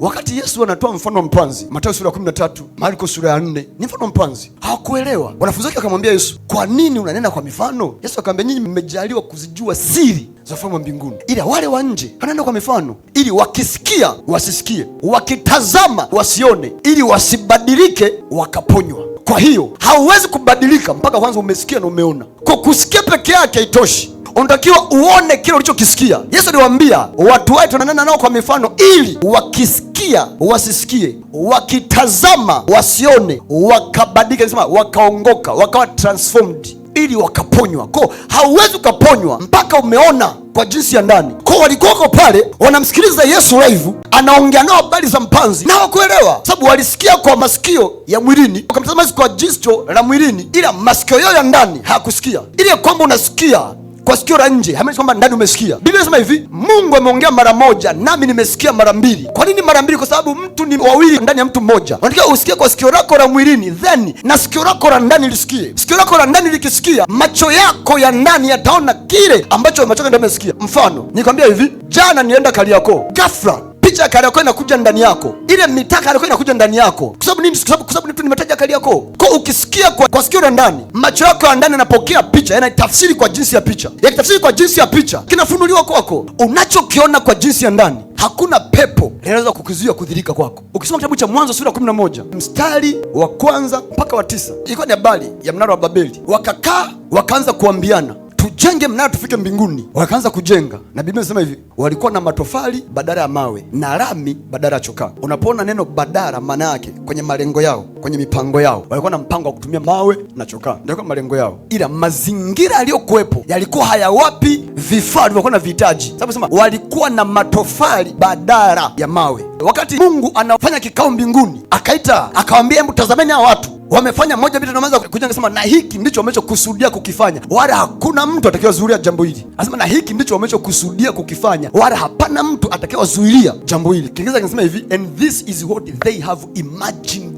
Wakati Yesu anatoa mfano mpanzi, Mathayo sura ya 13, Marko sura ya 4, ni mfano mpanzi. Hawakuelewa. Wanafunzi wake wakamwambia Yesu, kwa nini unanena kwa mifano? Yesu akamwambia, nyinyi mmejaliwa kuzijua siri za ufalme wa mbinguni, ila wale wa nje wanaenda kwa mifano, ili wakisikia wasisikie, wakitazama wasione, ili wasibadilike wakaponywa. Kwa hiyo hauwezi kubadilika mpaka kwanza umesikia na umeona. Kwa kusikia peke yake haitoshi unatakiwa uone kile ulichokisikia. Yesu aliwaambia watu wake tunanena nao kwa mifano, ili wakisikia wasisikie, wakitazama wasione, wakabadilika, nisema wakaongoka, wakawa transformed ili wakaponywa. Ko, hauwezi ukaponywa mpaka umeona kwa jinsi ya ndani. Ko, walikuwako pale wanamsikiliza Yesu live, anaongea nao habari za mpanzi na wakuelewa, sababu walisikia kwa masikio ya mwilini, wakamtazama Yesu kwa jicho la mwilini, ila masikio yao ya ndani hayakusikia. ya kwamba unasikia kwa sikio la nje hamaanishi kwamba ndani umesikia. Biblia inasema hivi, Mungu ameongea mara moja, nami nimesikia mara mbili. Kwa nini mara mbili? Kwa sababu mtu ni wawili ndani ya mtu mmoja. Unatakiwa usikie kwa sikio lako la mwilini, then na sikio lako la ndani lisikie. Sikio lako la ndani likisikia, macho yako ya ndani yataona kile ambacho macho yako ndio yamesikia. Mfano nikwambia hivi, jana nienda Kariakoo, ghafla Licha Kariakoo inakuja ndani yako, ile mitaa Kariakoo inakuja ndani yako. Kwa sababu nini? Kwa sababu tu nimetaja Kariakoo. Kwa ukisikia kwa, kwa sikio la ndani, macho yako ya ndani yanapokea picha, yanatafsiri kwa jinsi ya picha, yakitafsiri kwa jinsi ya picha kinafunuliwa kwako. Unachokiona kwa jinsi ya ndani hakuna pepo linaweza kukuzuia kudhirika kwako. Ukisoma kitabu cha Mwanzo sura ya 11 mstari wa kwanza mpaka wa tisa, ilikuwa ni habari ya mnara wa Babeli. Wakakaa wakaanza kuambiana tujenge mnara tufike mbinguni. Wakaanza kujenga, na Biblia inasema hivi, walikuwa na matofali badala ya mawe na lami badala ya chokaa. Unapoona neno badala, maana yake kwenye malengo yao kwenye mipango yao walikuwa na mpango wa kutumia mawe na chokaa, ndio malengo yao, ila mazingira yaliyokuwepo yalikuwa hayawapi vifaa walivyokuwa na vihitaji. Sababu sema walikuwa na matofali badala ya mawe. Wakati Mungu anafanya kikao mbinguni, akaita akawambia, hebu tazameni hao watu wamefanya moja vitu, naanza kuja nasema, na hiki ndicho wamechokusudia kukifanya, wala hakuna mtu atakayewazuilia jambo hili. Anasema na hiki ndicho wamechokusudia kukifanya, wala hapana mtu atakayewazuilia jambo hili. Kingeza kinasema hivi, and this is what they have imagined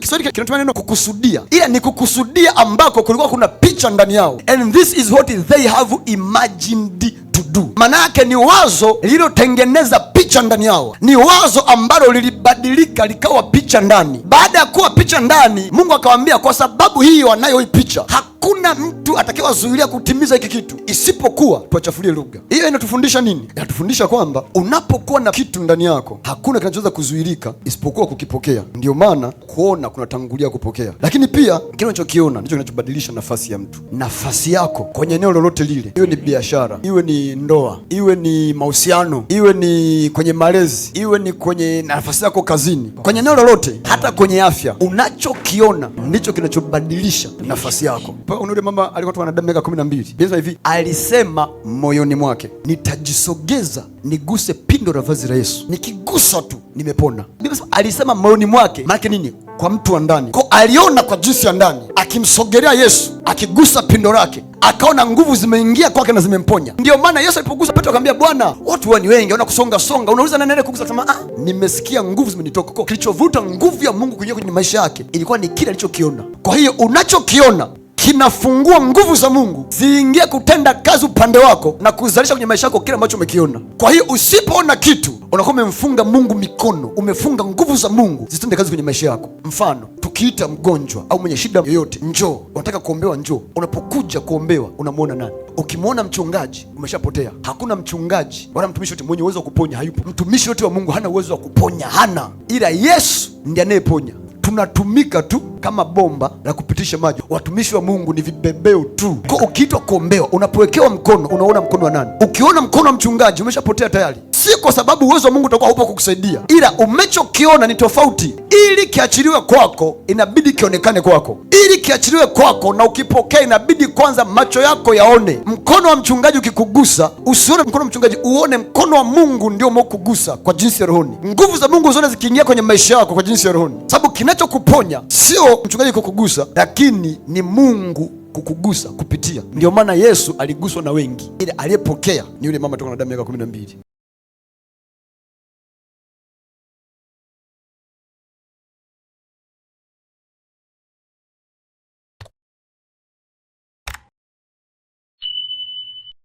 Kiswahili kinatumia neno kukusudia, ila ni kukusudia ambako kulikuwa kuna picha ndani yao, and this is what they have imagined to do. Maana yake ni wazo lililotengeneza picha ndani yao, ni wazo ambalo lilibadilika likawa picha ndani. Baada ya kuwa picha ndani, Mungu akawaambia, kwa sababu hii wanayo hii picha hakuna mtu atakayewazuilia kutimiza hiki kitu isipokuwa tuwachafulie lugha. Hiyo inatufundisha nini? Inatufundisha kwamba unapokuwa na kitu ndani yako hakuna kinachoweza kuzuilika isipokuwa kukipokea. Ndio maana kuona kunatangulia kupokea, lakini pia kile unachokiona ndicho kinachobadilisha nafasi ya mtu. Nafasi yako kwenye eneo lolote lile, iwe ni biashara, iwe ni ndoa, iwe ni mahusiano, iwe ni kwenye malezi, iwe ni kwenye nafasi yako kazini, kwenye eneo lolote, hata kwenye afya, unachokiona ndicho kinachobadilisha nafasi yako. Mpaka mama alikuwa tu ana miaka 12. Biblia hivi alisema moyoni mwake, nitajisogeza niguse pindo la vazi la Yesu, nikigusa tu nimepona. Biblia alisema moyoni mwake, maana nini? Kwa mtu wa ndani, kwa aliona kwa jinsi ya ndani, akimsogelea Yesu, akigusa pindo lake akaona nguvu zimeingia kwake na zimemponya. Ndio maana Yesu alipogusa Petro akamwambia, Bwana, watu ni wengi wanakusonga songa, unauliza nani kugusa? Akasema, ah, nimesikia nguvu zimenitoka. Kilichovuta nguvu ya Mungu kuingia kwenye maisha yake ilikuwa ni kile alichokiona. Kwa hiyo unachokiona kinafungua nguvu za Mungu ziingie kutenda kazi upande wako na kuzalisha kwenye maisha yako kile ambacho umekiona. Kwa hiyo usipoona kitu unakuwa umemfunga Mungu mikono, umefunga nguvu za Mungu zitende kazi kwenye maisha yako. Mfano, tukiita mgonjwa au mwenye shida yoyote, njoo, unataka kuombewa, njoo. Unapokuja kuombewa, unamwona nani? Ukimwona mchungaji umeshapotea. Hakuna mchungaji wala mtumishi yote mwenye uwezo wa kuponya, hayupo. Mtumishi yote wa Mungu hana uwezo wa kuponya, hana, ila Yesu ndiye anayeponya tunatumika tu kama bomba la kupitisha maji. Watumishi wa Mungu ni vibebeo tu. Ukiitwa kuombewa, unapowekewa mkono, unaona mkono wa nani? Ukiona mkono wa mchungaji, umeshapotea tayari si kwa sababu uwezo wa Mungu utakuwa haupo kukusaidia, ila umechokiona ni tofauti. Ili kiachiliwe kwako, inabidi kionekane kwako. Ili kiachiliwe kwako na ukipokea, inabidi kwanza macho yako yaone. Mkono wa mchungaji ukikugusa, usione mkono wa mchungaji, uone mkono wa Mungu ndio umekugusa kwa jinsi ya rohoni. Nguvu za Mungu zione zikiingia kwenye maisha yako kwa jinsi ya rohoni, sababu kinachokuponya sio mchungaji kukugusa, lakini ni Mungu kukugusa kupitia. Ndio maana Yesu aliguswa na wengi, ile aliyepokea ni yule mama toka na damu miaka kumi na mbili.